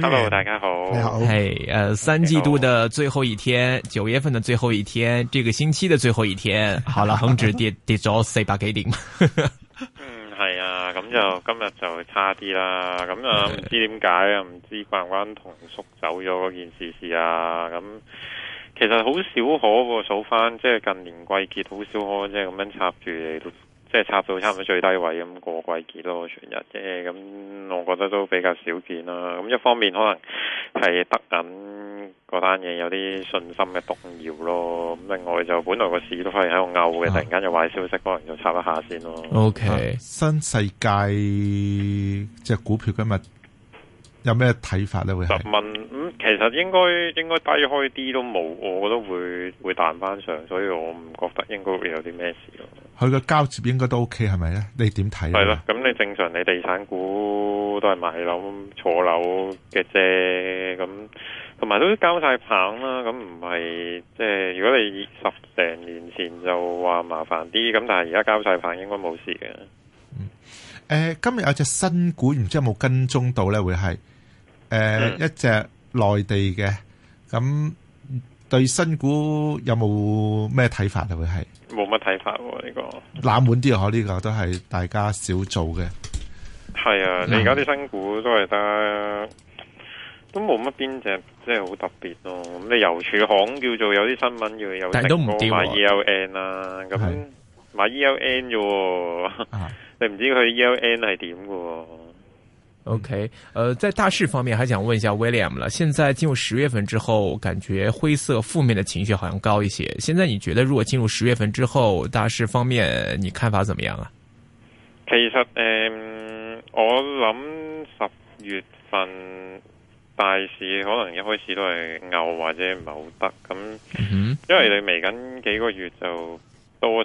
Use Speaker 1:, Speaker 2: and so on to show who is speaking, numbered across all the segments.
Speaker 1: hello，大家好。你好，誒，
Speaker 2: 誒，三季度嘅最後一天，九月份嘅最後一天，這個星期嘅最後一天， 好啦，恒指跌跌咗四百幾點。嗯，
Speaker 1: 係啊，咁就今日就差啲啦，咁啊唔知點解啊，唔知關唔關同叔走咗嗰件事事啊，咁其實好少可，數翻即係近年季結好少可，即係咁樣插住嚟。即係插到差唔多最低位咁、嗯、過季結咯，全日即係咁，我覺得都比較少見啦。咁、嗯、一方面可能係得緊嗰單嘢有啲信心嘅動搖咯。咁、嗯、另外就本來個市都係喺度拗嘅，突然間就壞消息，可能就插一下先咯。OK，、嗯、
Speaker 3: 新世界隻股票今日。有咩睇法咧？會問，
Speaker 1: 嗯，其實應該應該低開啲都冇，我都會會彈翻上，所以我唔覺得應該會有啲咩事。
Speaker 3: 佢個交接應該都 OK，係咪咧？你點睇？係咯，
Speaker 1: 咁你正常你地產股都係買樓坐樓嘅啫，咁同埋都交晒棒啦，咁唔係即係如果你十成年前就話麻煩啲，咁但係而家交晒棒應該冇事嘅。嗯，
Speaker 3: 誒，今日有隻新股，唔知有冇跟蹤到咧？會係。誒，呃嗯、一隻內地嘅，咁對新股有冇咩睇法啊？會係
Speaker 1: 冇乜睇法，呢個冷
Speaker 3: 門啲啊，可、這、呢個都係大家少做嘅。
Speaker 1: 係啊，嗯、你而家啲新股都係得都冇乜邊隻即係好特別咯、啊。咁你郵儲行叫做有啲新聞叫有，但係都唔掂啊。買 E L N 啊，咁買 E L N 咋，你唔知佢 E L N 係點㗎。
Speaker 2: O、okay, K，呃，在大市方面，還想問一下 William 啦。現在進入十月份之後，感覺灰色負面的情緒好像高一些。現在你覺得，如果進入十月份之後，大市方面你看法怎麼樣啊？
Speaker 1: 其實誒、呃，我諗十月份大市可能一開始都係牛或者唔係好得咁，因為你未緊幾個月就多。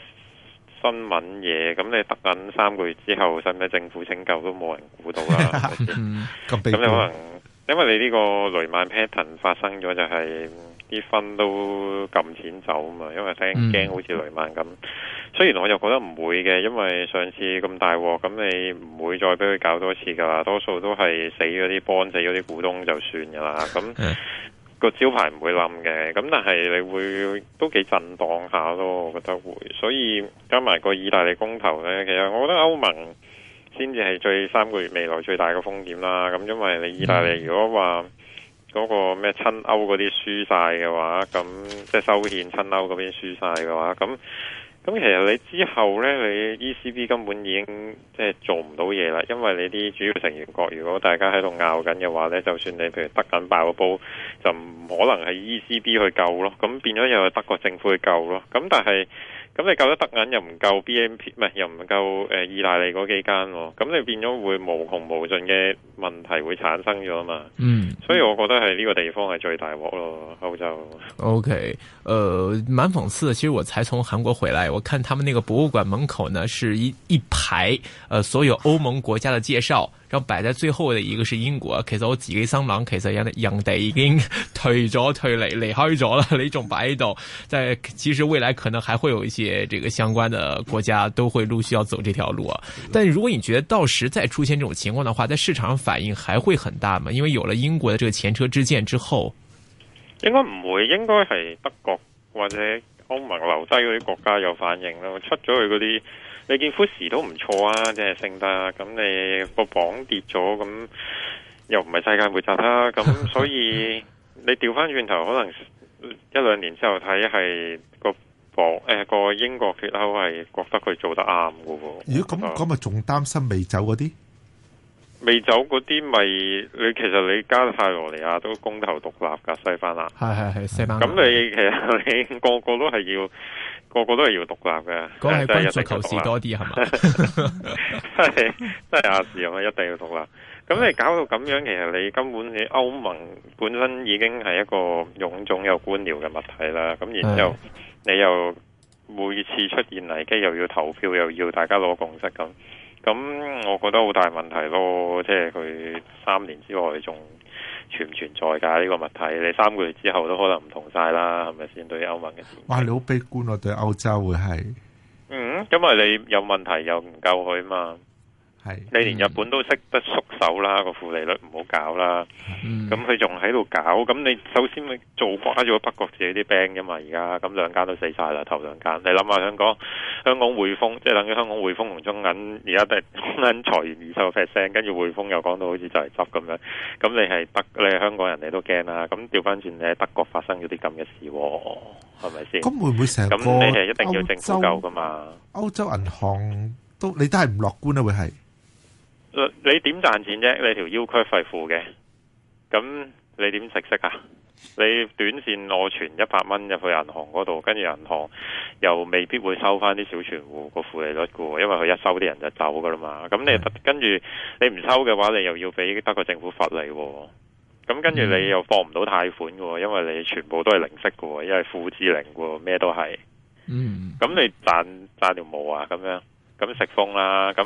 Speaker 1: 新聞嘢咁你得緊三個月之後，使唔使政府拯救都冇人估到啦？咁、 嗯、你可能 因為你呢個雷曼 pattern 發生咗、就是，就係啲分都撳錢走啊嘛。因為聽驚好似雷曼咁，嗯、雖然我又覺得唔會嘅，因為上次咁大鑊，咁你唔會再俾佢搞多次噶啦。多數都係死嗰啲 bond 死嗰啲股東就算噶啦。咁個招牌唔會冧嘅，咁但係你會都幾震盪下咯，我覺得會。所以加埋個意大利公投呢，其實我覺得歐盟先至係最三個月未來最大嘅風險啦。咁因為你意大利如果話嗰個咩親歐嗰啲輸晒嘅話，咁即係修憲親歐嗰邊輸晒嘅話，咁。咁其實你之後呢，你 ECB 根本已經即係做唔到嘢啦，因為你啲主要成員國如果大家喺度拗緊嘅話呢，就算你譬如德銀爆個煲，就唔可能係 ECB 去救咯，咁變咗又係德國政府去救咯，咁但係。咁你救得德銀又唔夠 BMP 唔係又唔夠誒，意大利嗰幾間喎，咁你變咗會無窮無盡嘅問題會產生咗嘛？嗯，所以我覺得係呢個地方係最大鑊咯，歐洲。
Speaker 2: OK，誒、呃，蠻諷刺。其實我才從韓國回來，我看他們那個博物館門口呢，是一一排，誒、呃，所有歐盟國家嘅介紹。然後擺在最後的一個是英國，其實我自己心諗，其實人哋人哋已經退咗退嚟離，離開咗啦，你仲擺喺度，但係其實未來可能還會有一些這個相關嘅國家都會陸續要走這條路啊。但如果你覺得到時再出現這種情況嘅話，在市場上反應還會很大嘛？因為有了英國嘅這個前車之鑒之後，
Speaker 1: 應該唔會，應該係德國或者歐盟留低嗰啲國家有反應咯，出咗去嗰啲。你見富時都唔錯啊，即係升得咁、啊，你、這個榜跌咗咁，又唔係世界末日啦。咁所以你調翻轉頭，可能一兩年之後睇係個榜誒、呃，個英國脫歐係覺得佢做得啱㗎喎。如果
Speaker 3: 咁咁咪仲擔心未走嗰啲？
Speaker 1: 未走嗰啲咪你其實你加泰羅尼亞都公投獨立噶，西班牙係係
Speaker 2: 係西班牙。咁、嗯、你
Speaker 1: 其實你個個都係要。個個都係要獨立嘅，講係實事求是多啲係嘛，係真係阿 Sir 啊，一定要獨立。咁你搞到咁樣，其實你根本你歐盟本身已經係一個臃腫又官僚嘅物體啦。咁然之後，你又每次出現危機又要投票，又要大家攞共識咁。咁、嗯，我覺得好大問題咯！即係佢三年之外仲存唔存在㗎？呢個問題，你三個月之後都可能唔同晒啦，係咪先？對於歐盟嘅事，
Speaker 3: 哇！你好悲觀啊，對歐洲會係，
Speaker 1: 嗯，因為你有問題又唔夠佢嘛。你連日本都識得縮手啦，個負利率唔好搞啦。咁佢仲喺度搞，咁你首先咪做瓜咗北國自己啲 bank 啫嘛。而家咁兩間都死晒啦，頭兩間。你諗下香港香港匯豐，即係等於香港匯豐同中銀，而家都係中銀財源二十個 percent，跟住匯豐又講到好似就嚟執咁樣。咁你係德你係香港人，你都驚啦。咁調翻轉，你喺德國發生咗啲咁嘅事，係咪先？咁會唔會成個咁你係一定要政府救噶嘛？
Speaker 3: 歐洲銀行都你都係唔樂觀呀，會係。
Speaker 1: 你點賺錢啫？你條腰區費付嘅，咁你點食息啊？你短線落存一百蚊入去銀行嗰度，跟住銀行又未必會收翻啲小存戶個負利率噶因為佢一收啲人就走噶啦嘛。咁你的跟住你唔收嘅話，你又要俾德國政府罰你。咁跟住你又放唔到貸款噶，因為你全部都係零息噶，因為負利率咩都係。嗯，咁你賺賺條毛啊？咁樣。咁食風啦，咁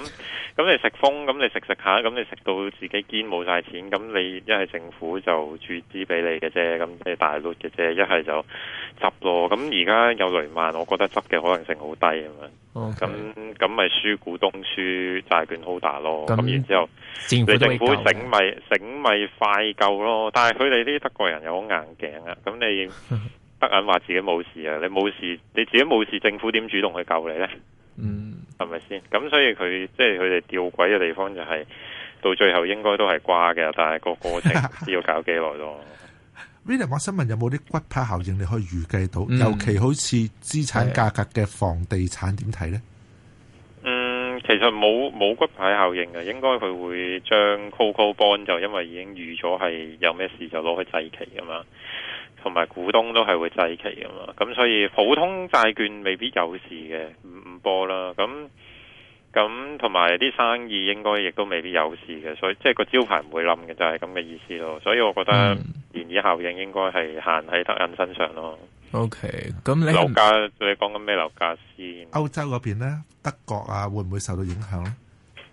Speaker 1: 咁你食風，咁你食食下，咁你食到自己肩冇晒錢，咁你一係政府就注資俾你嘅啫，咁你大率嘅啫，一係就執咯。咁而家有雷曼，我覺得執嘅可能性好低啊嘛。咁咁咪輸股東輸債券好大咯。咁那然後之後，政你政府醒咪醒咪快救咯。但係佢哋啲德國人又好硬頸啊，咁你德銀話自己冇事啊？你冇事，你自己冇事，政府點主動去救你呢？嗯。係咪先？咁、嗯、所以佢即係佢哋吊詭嘅地方就係、是、到最後應該都係掛嘅，但係個過程要搞幾耐咯。
Speaker 3: William，我想問有冇啲骨牌效應？你可以預計到，尤其好似資產價格嘅房地產點睇呢？
Speaker 1: 嗯，其實冇冇骨牌效應嘅，應該佢會將 CoCo Bond 就因為已經預咗係有咩事就攞去祭旗啊嘛，同埋股東都係會祭旗啊嘛，咁所以普通債券未必有事嘅。波啦，咁咁同埋啲生意應該亦都未必有事嘅，所以即係個招牌唔會冧嘅，就係咁嘅意思咯。所以我覺得漣漪、嗯、效應應該係限喺德銀身上咯。
Speaker 3: O K，咁樓價
Speaker 1: 你講緊咩樓價先？
Speaker 3: 歐洲嗰邊咧，德國啊，會唔會受到影響咧？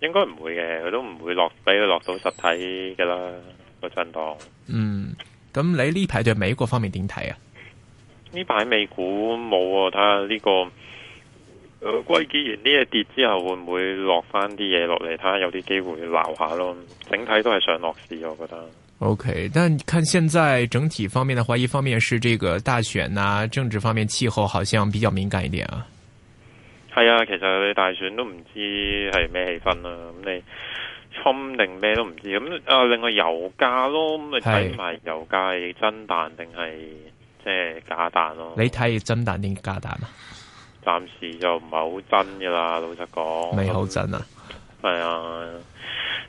Speaker 1: 應該唔會嘅，佢都唔會落，俾佢落到實體噶啦，個震盪。嗯，
Speaker 3: 咁你呢排
Speaker 2: 對美國方面點睇啊？
Speaker 1: 呢排美股冇啊，睇下呢個。誒，歸結、呃、完呢一跌之後，會唔會落翻啲嘢落嚟？睇下有啲機會鬧下咯。整體都係上落市，我覺得。
Speaker 2: O、okay, K，但看現在整體方面嘅話，一方面是這個大選啊，政治方面氣候好像比較敏感一點啊。
Speaker 1: 係啊，其實你大選都唔知係咩氣氛啦、啊。咁你衝定咩都唔知。咁啊、呃，另外油價咯，咁你睇埋油價係真彈定係即係假彈咯
Speaker 2: ？Hey. 你睇真彈定假彈啊？
Speaker 1: 暫時就唔係好真噶啦，老實講未好真啊。係、嗯、啊，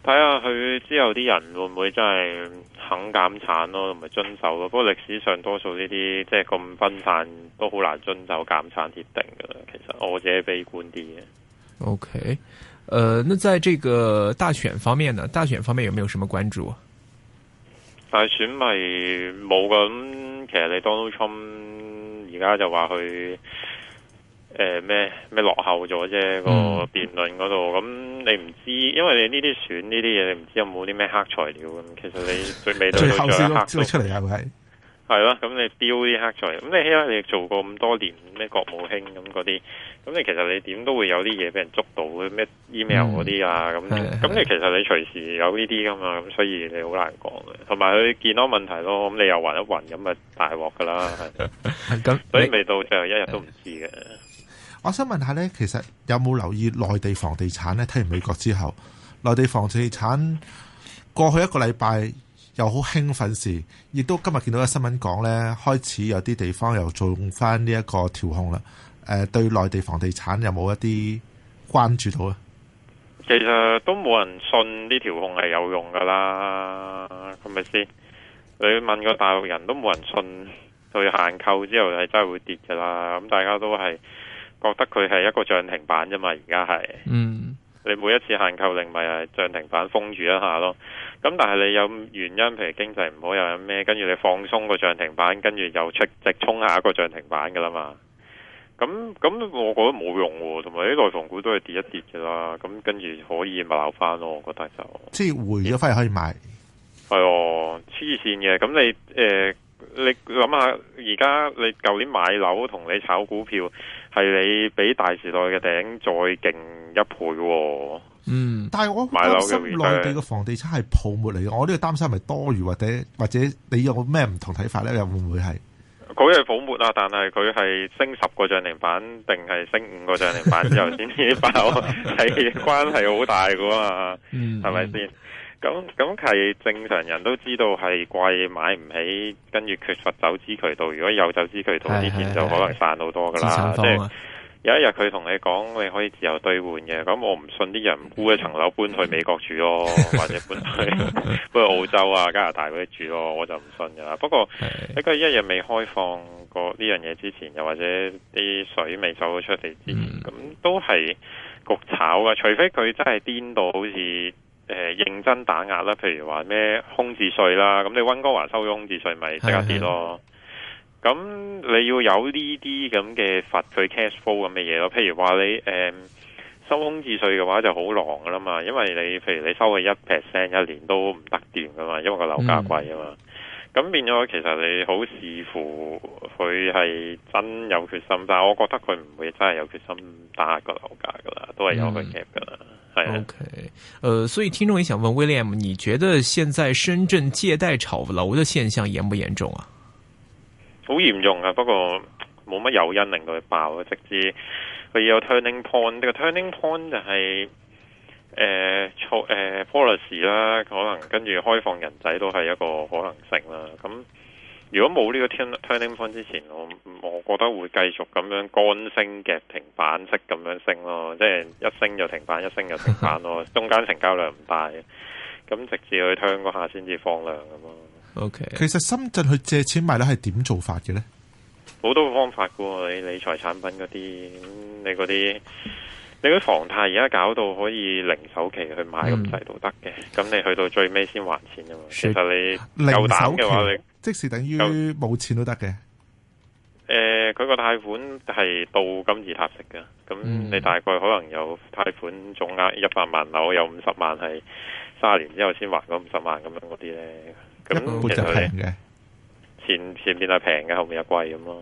Speaker 1: 睇下佢之後啲人會唔會真係肯減產咯，同埋遵守咯。不過歷史上多數呢啲即係咁分散都好難遵守減產協定噶啦。其實我自己悲觀啲嘅。
Speaker 2: O K，誒，那在這個大選方面呢？大選方面有沒有什麼關注？
Speaker 1: 大選咪冇噶咁，其實你 Donald Trump 而家就話佢。誒咩咩落後咗啫，個辯論嗰度咁你唔知，因為你呢啲選呢啲嘢，你唔知有冇啲咩黑材料咁。其實你最尾最後先黑出嚟，係咪？係咯，咁你標啲黑材料，咁你因為你做過咁多年咩國務卿咁嗰啲，咁你其實你點都會有啲嘢俾人捉到咩 email 嗰啲啊咁。咁你其實你隨時有呢啲噶嘛，咁所以你好難講嘅。同埋佢健康問題咯，咁你又暈一暈，咁咪大鑊噶啦。咁所以未到最後一日都唔知嘅。
Speaker 3: 我想問下呢，其實有冇留意內地房地產呢？睇完美國之後，內地房地產過去一個禮拜又好興奮時，亦都今日見到嘅新聞講呢，開始有啲地方又做翻呢一個調控啦。誒、呃，對內地房地產有冇一啲關注到啊？
Speaker 1: 其實都冇人信呢調控係有用噶啦，係咪先？你問個大陸人都冇人信，佢限購之後係真係會跌噶啦。咁、嗯、大家都係。覺得佢係一個漲停板啫嘛，而家係。嗯，你每一次限購令咪係漲停板封住一下咯。咁但係你有原因，譬如經濟唔好，又有咩？跟住你放鬆個漲停板，跟住又出直衝下一個漲停板噶啦嘛。咁咁，我覺得冇用喎，同埋啲內房股都係跌一跌噶啦。咁跟住可以咪鬧翻咯？我覺得就即係回咗翻去可以買，係哦，黐線嘅。咁你誒、呃、你諗下，而家你舊年買樓同你炒股票。係你比大時代嘅頂再勁一倍，哦，嗯，
Speaker 3: 但係我擔心內地嘅房地產係泡沫嚟嘅。是我呢個擔心係多餘，或者或者你有個咩唔同睇法咧？又會唔會係
Speaker 1: 佢係泡沫啊？但係佢係升十個漲停板，定係升五個漲停板之後先至爆係關係好大㗎嘛？係咪先？嗯嗯咁咁係正常人都知道係貴，買唔起，跟住缺乏走資渠道。如果有走資渠道之前， 就可能賺好多噶啦。 即係有一日佢同你講，你可以自由兌換嘅。咁我唔信啲人，估一層樓搬去美國住咯， 或者搬去搬去澳洲啊、加拿大嗰啲住咯，我就唔信噶啦。不過喺佢一日未開放過呢樣嘢之前，又或者啲水未走出嚟之前，咁、嗯嗯、都係焗炒噶。除非佢真係顛到好似。誒、呃，認真打壓啦，譬如話咩空置稅啦，咁你溫哥華收、， 呃、收空置稅咪即刻跌咯。咁你要有呢啲咁嘅罰佢 cash flow 咁嘅嘢咯。譬如話你誒收空置稅嘅話就好狼噶啦嘛，因為你譬如你收佢一 percent 一年都唔得掂噶嘛，因為個樓價貴啊嘛。咁、嗯、變咗其實你好視乎佢係真有決心，但係我覺得佢唔會真係有決心打壓個樓價噶啦，都係有佢 cap 噶啦。嗯 O K，呃，
Speaker 2: 所以、okay. uh, so、聽眾也想問 William，你覺得現在深圳借貸炒樓的現象嚴不嚴重啊？
Speaker 1: 好嚴重啊，不過冇乜誘因令到佢爆啊，直至佢要有 turning point，呢個 turning point 就係誒促誒 policy 啦，可能跟住開放人仔都係一個可能性啦，咁、嗯。如果冇呢個 turn turning point 之前，我我覺得會繼續咁樣乾升嘅停板式咁樣升咯，即係一升就停板，一升就停板咯，中間成交量唔大，咁直至去推嗰下先至放量咁咯。
Speaker 3: OK，其實深圳去借錢買樓係點做法嘅咧？
Speaker 1: 好多方法嘅喎，你理財產品嗰啲，你嗰啲。你啲房貸而家搞到可以零首期去買咁滯都得嘅，咁、嗯、你去到最尾先還錢噶嘛？其實你夠膽嘅話你，你
Speaker 3: 即使等於冇錢都得嘅。
Speaker 1: 誒、呃，佢個貸款係到金字塔式嘅，咁你大概可能有貸款總額一百萬樓，有五十萬係三十年之後先還嗰五十萬咁樣嗰啲咧。咁冇得平嘅，前前面係平嘅，後面又貴咁咯。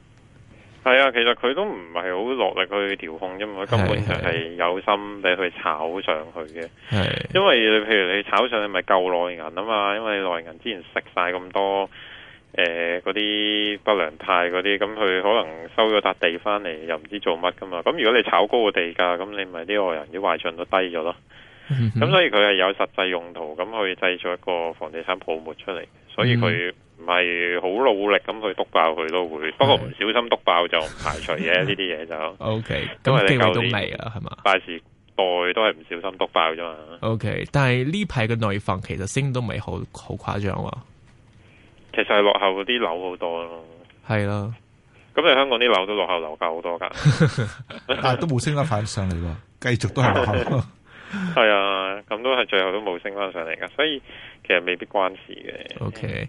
Speaker 1: 係啊，其實佢都唔係好落力去調控啫嘛，根本上係有心俾佢炒上去嘅。係，因為譬如你炒上去咪救內銀啊嘛，因為內銀之前食晒咁多誒嗰啲不良貸嗰啲，咁、嗯、佢可能收咗笪地翻嚟又唔知做乜㗎嘛，咁、嗯、如果你炒高地價你個地價，咁你咪啲外人啲壞賬都低咗咯。咁、嗯、所以佢係有實際用途，咁去製造一個房地產泡沫出嚟，所以佢唔係好努力咁去督爆佢都會，嗯、不過唔小心督爆就唔排除嘅呢啲嘢就 OK。咁你舊年，年都未啊，係嘛？八時代都係唔小心督爆啫嘛。OK，
Speaker 2: 但係呢排嘅內房其實升都唔係好好誇張啊。
Speaker 1: 其實係落後嗰啲樓好多咯，係啦。咁你香港啲樓都落後樓價好多噶，但係都
Speaker 3: 冇升得快上嚟喎，繼續都係落後。
Speaker 1: 係 啊，咁都係最後都冇升翻上嚟噶，所以其實未必關事嘅。O K，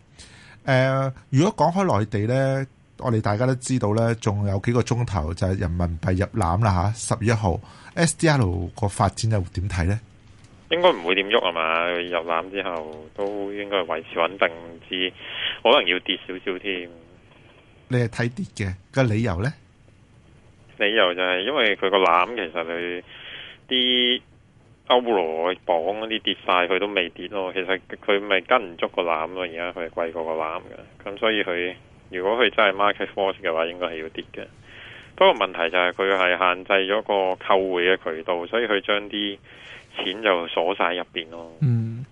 Speaker 3: 誒，如果講開內地呢，我哋大家都知道呢，仲有幾個鐘頭就係人民幣入攬啦吓，十月一號 S D L 個發展又點睇呢？
Speaker 1: 應該唔會點喐啊嘛，入攬之後都應該維持穩定，唔知可能要跌少少添。
Speaker 3: 你係睇跌嘅，個理由呢？
Speaker 1: 理由就係因為佢個攬其實佢啲。歐羅綁啲跌晒，佢都未跌咯。其實佢咪跟唔足個籃咯。而家佢係貴過個籃嘅，咁、嗯、所以佢如果佢真係 market force 嘅話，應該係要跌嘅。不過問題就係佢係限制咗個購匯嘅渠道，所以佢將啲錢就鎖晒入邊咯。嗯，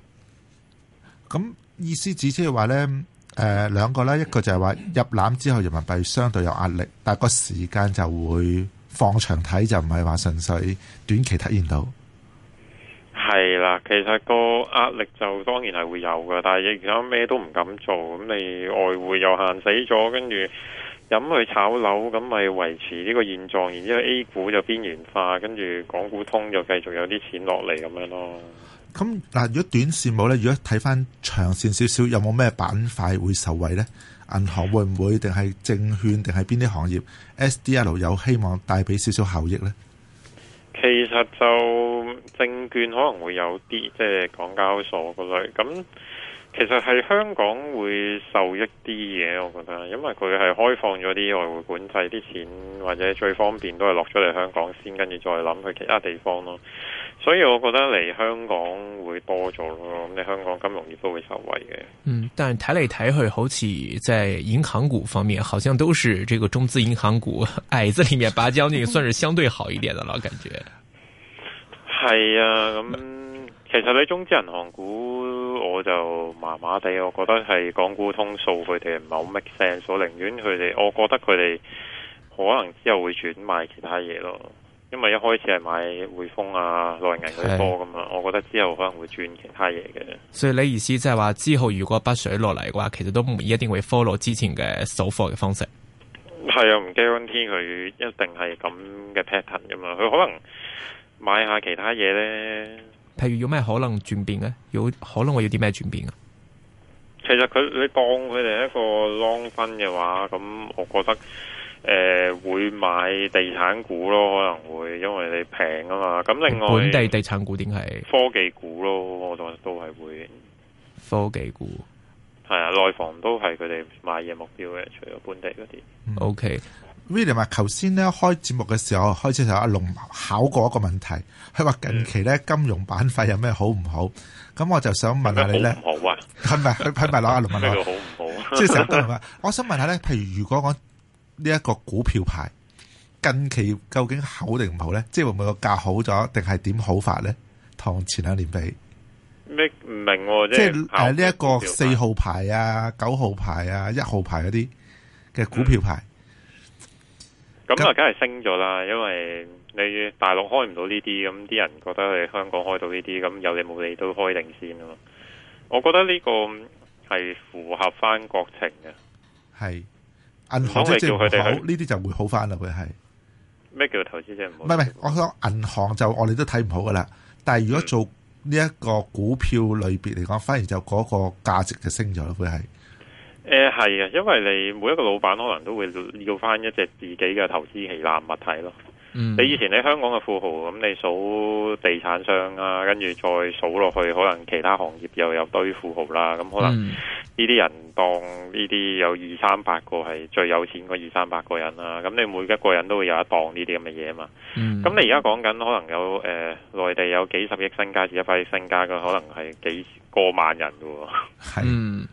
Speaker 3: 咁意思只即係話咧，誒、呃，兩個咧，一個就係話入籃之後，人民幣相對有壓力，但係個時間就會放長睇，就唔係話純粹短期體現到。
Speaker 1: 係啦，其實個壓力就當然係會有嘅，但係而家咩都唔敢做，咁你外匯又限死咗，跟住咁去炒樓，咁咪維持呢個現狀。然之後 A 股就邊緣化，跟住港股通就繼續有啲錢落嚟咁樣咯。
Speaker 3: 咁嗱，呃，如果短線冇咧，如果睇翻長線少少，有冇咩板塊會受惠呢？銀行會唔會定係證券定係邊啲行業？SDL 有希望帶俾少少效益呢？
Speaker 1: 其實就證券可能會有啲，即係港交所嗰類。咁其實係香港會受益啲嘢，我覺得，因為佢係開放咗啲外匯管制啲錢，或者最方便都係落咗嚟香港先，跟住再諗去其他地方咯。所以我覺得嚟香港會多咗咯，咁你香港金融業都會受惠嘅。嗯，
Speaker 2: 但係睇嚟睇去，好似在係銀行股方面，好像都是這個中資銀行股，矮子裏面拔將軍，算是相對好一點的啦，我感覺。
Speaker 1: 係 啊，咁、嗯、其實你中資銀行股我就麻麻地，我覺得係港股通數佢哋唔係好 make sense，所以寧願佢哋，我覺得佢哋可能之後會轉賣其他嘢咯。因為一開始係買匯豐啊、內銀啲貨噶嘛，的我覺得之後可能會轉其他嘢嘅。
Speaker 2: 所以你意思即係話之後如果北水落嚟嘅話，其實都唔一定會 follow 之前嘅首貨嘅方式。
Speaker 1: 係啊，唔 guarantee 佢一定係咁嘅 pattern 噶嘛，佢可能買下其他嘢咧。
Speaker 2: 譬如有咩可能轉變咧？有可能我要啲咩轉變啊？
Speaker 1: 其實佢你當佢哋一個 long fund 嘅話，咁我覺得。誒、呃，會買地產股咯，可能會，因為你平啊嘛。咁另外，本地
Speaker 2: 地產股點係？科
Speaker 1: 技股咯，我仲都係會
Speaker 2: 科
Speaker 3: 技股，
Speaker 1: 係啊，內房都係佢哋買嘢目標嘅，除咗本
Speaker 3: 地嗰啲。OK，William 話，頭先咧開節目嘅時候，開始就阿龍考過一個問題，佢話近期咧金融板塊有咩好唔好？咁我就想問下你咧，好唔好啊？係咪？佢咪攞阿龍問你 好唔好？即係成日都問，我想問下咧，譬如如果我。呢一個股票牌近期究竟好定唔好咧？即係會唔會個價好咗，定係點好法咧？同前兩年比，
Speaker 1: 咩唔明、啊？即係是誒，呢一、啊這個四
Speaker 3: 號牌啊、九號牌啊、一號牌嗰啲嘅股票牌，
Speaker 1: 咁啊、嗯，梗係升咗啦。因為你大陸開唔到呢啲，咁啲人覺得你香港開到呢啲，咁有理冇理都開定先啊嘛。我覺得呢個係符合翻國情嘅，
Speaker 3: 係。銀行即係唔好，呢啲就會好翻啦。佢係
Speaker 1: 咩叫投資者？唔好？唔係
Speaker 3: 唔係，我想銀行就我哋都睇唔好噶啦。但係如果做呢一個股票類別嚟講，嗯、反而就嗰個價值就升咗，會係
Speaker 1: 誒係啊，因為你每一個老闆可能都會要翻一隻自己嘅投資旗艦物體咯。你以前喺香港嘅富豪，咁你數地產商啦，啊，跟住再數落去，可能其他行業又有堆富豪啦。咁可能呢啲人當呢啲有二三百個係最有錢嗰二三百個人啦，啊。咁你每一個人都會有一檔呢啲咁嘅嘢嘛。咁、嗯、你而家講緊可能有誒內、呃、地有幾十億身家，至一億身家嘅可能係幾過萬人嘅，啊。係的。嗯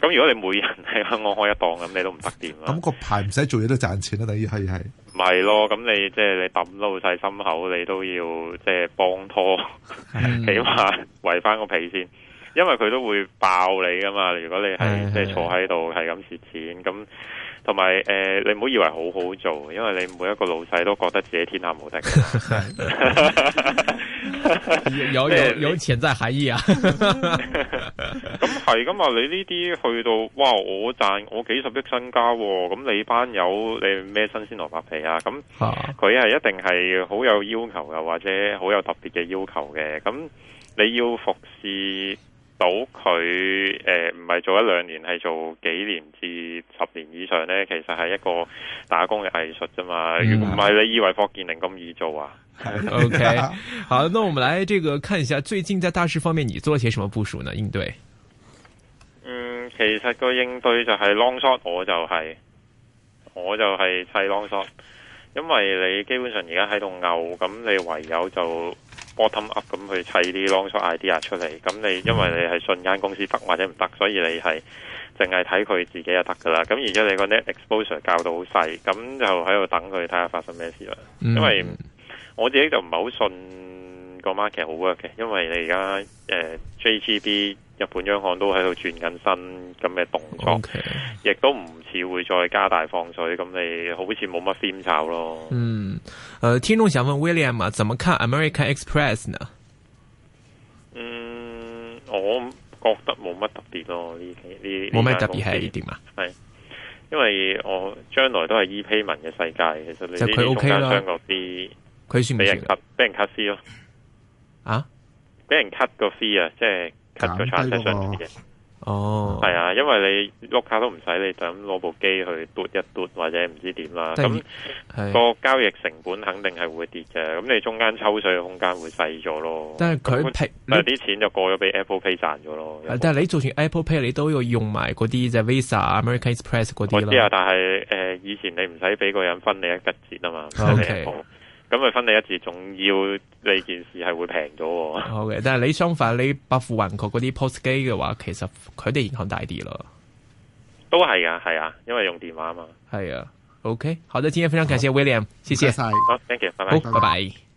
Speaker 1: 咁如果你每人係我開一檔，咁你都唔得掂啦。
Speaker 3: 咁個牌唔使做嘢都賺錢啦，等於係係。
Speaker 1: 咪咯，咁你即係你抌撈晒心口，你都要即係幫拖，的起碼圍翻個皮先。因為佢都會爆你噶嘛，如果你係的的即係坐喺度係咁蝕錢咁。同埋誒，你唔好以為好好做，因為你每一個老細都覺得自己天下無敵，有有有潛在含義啊、 嗯！咁係㗎嘛！你呢啲去到哇，我賺我幾十億身家，哦，咁你班友，你咩新鮮蘿蔔皮啊？咁佢係一定係好有要求又或者好有特別嘅要求嘅。咁你要服侍。到佢誒，唔係、呃、做一兩年，係做幾年至十年以上呢，其實係一個打工嘅藝術啫嘛。嗯啊、如果唔係你以為霍建寧咁易做啊？O Okay . K，
Speaker 2: 好，那我們來這個看一下，最近在大市方面，你做了些什麼部署呢？應對？
Speaker 1: 嗯，其實個應對就係 long shot，我就係、是，我就係砌 long shot，因為你基本上而家喺度牛，咁你唯有就。bottom up 咁去砌啲 long short idea 出嚟，咁你因為你係信間公司得或者唔得，所以你係淨係睇佢自己就得噶啦。咁然之後你個 net exposure 教到好細，咁就喺度等佢睇下發生咩事啦。因為我自己就唔係好信個 market 好 work 嘅，因為你而家誒 JGB。呃日本央行都喺度轉緊身咁嘅動作，亦 Okay. 都唔似會再加大放水。咁你好似冇乜偏炒咯。嗯，
Speaker 2: 誒、呃，聽眾想問 William 啊，怎麼看 American Express 呢？嗯，
Speaker 1: 我覺得冇乜特別咯。呢呢冇咩特別係點啊？係，因為我將來都係 e-payment 嘅世界，其實你就佢 OK 啦。香港啲佢算俾人 cut，俾人 cut fee 咯。
Speaker 2: 啊？
Speaker 1: 俾人 cut 個 fee 啊？即係？cut
Speaker 2: 咗 transaction
Speaker 1: 嘅，哦，係啊，因為你碌卡都唔使，你就咁攞部機去嘟一嘟，或者唔知點啦，咁是個交易成本肯定係會跌嘅，咁你中間抽水嘅空間會細咗咯。但係佢劈，唔啲錢，你錢就過咗俾 App Apple Pay 賺咗咯。但係你就
Speaker 2: 算 Apple Pay，你都要用埋嗰啲即 Visa、isa, American Express 嗰啲咯。啊，但
Speaker 1: 係誒、呃，以前你唔使俾個人分你一格錢啊嘛。咁咪分你一次，仲要你件事係會平咗。好嘅，
Speaker 2: 但係你相反，你百富雲閣嗰啲 post 機嘅話，其實佢哋影響大啲咯。
Speaker 1: 都係噶，係啊，因為用電話嘛。
Speaker 2: 係啊。OK，好的，今天非常感謝 William，好謝謝。好，thank you，拜拜，拜
Speaker 1: 拜。